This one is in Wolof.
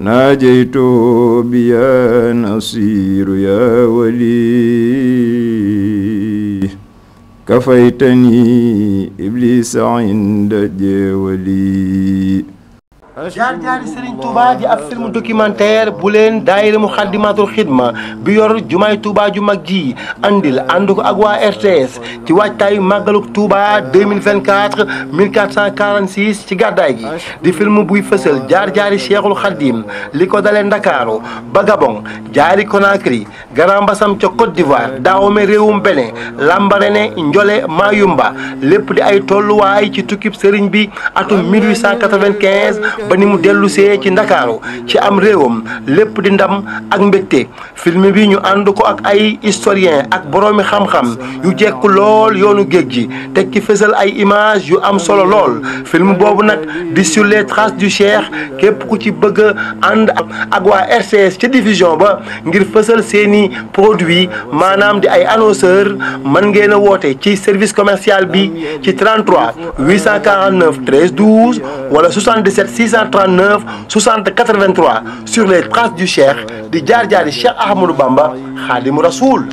ناجيته بيا نصير يا ولي كفيتني إبليس عند جولي jaar-jaari Serigne Touba di ab film documentaire bu leen daayira xaddimatul xidma bi yor jumaay Touba ju mag ji andil ànd ko ak waa RTS ci waajtaayu màggaluk Touba 2024 1446 ci gàddaay gi di film buy fësal jaar-jaari Cheikhul Xaddim li ko dalee Ndakaaru ba Gabon jaari Conakry Grand Bassam d'Ivoire Dahomey réewum Bénin Lambaréné Njolé Mayumba lépp di ay tolluwaay ci tukkib Serigne bi atum ba ni mu dellu see ci ndakaaru ci am réewam lépp di ndam ak mbégte film bi ñu ànd ko ak ay historien ak boroomi xam-xam yu jekk lool yoonu géej gi teg ci fësal ay image yu am solo lool film boobu nag di sur les traces du Cheikh képp ku ci bëgg a ànd ak waa RTS ca diffusion ba ngir fësal seeni produit maanaam di ay annonceur mën ngeen a woote ci service commercial bi ci 33 849 13 12 wala 639 60 83 sur les traces du Cheikh di jaar jaari Cheikh Ahmadou Bamba Khadimou Rassoul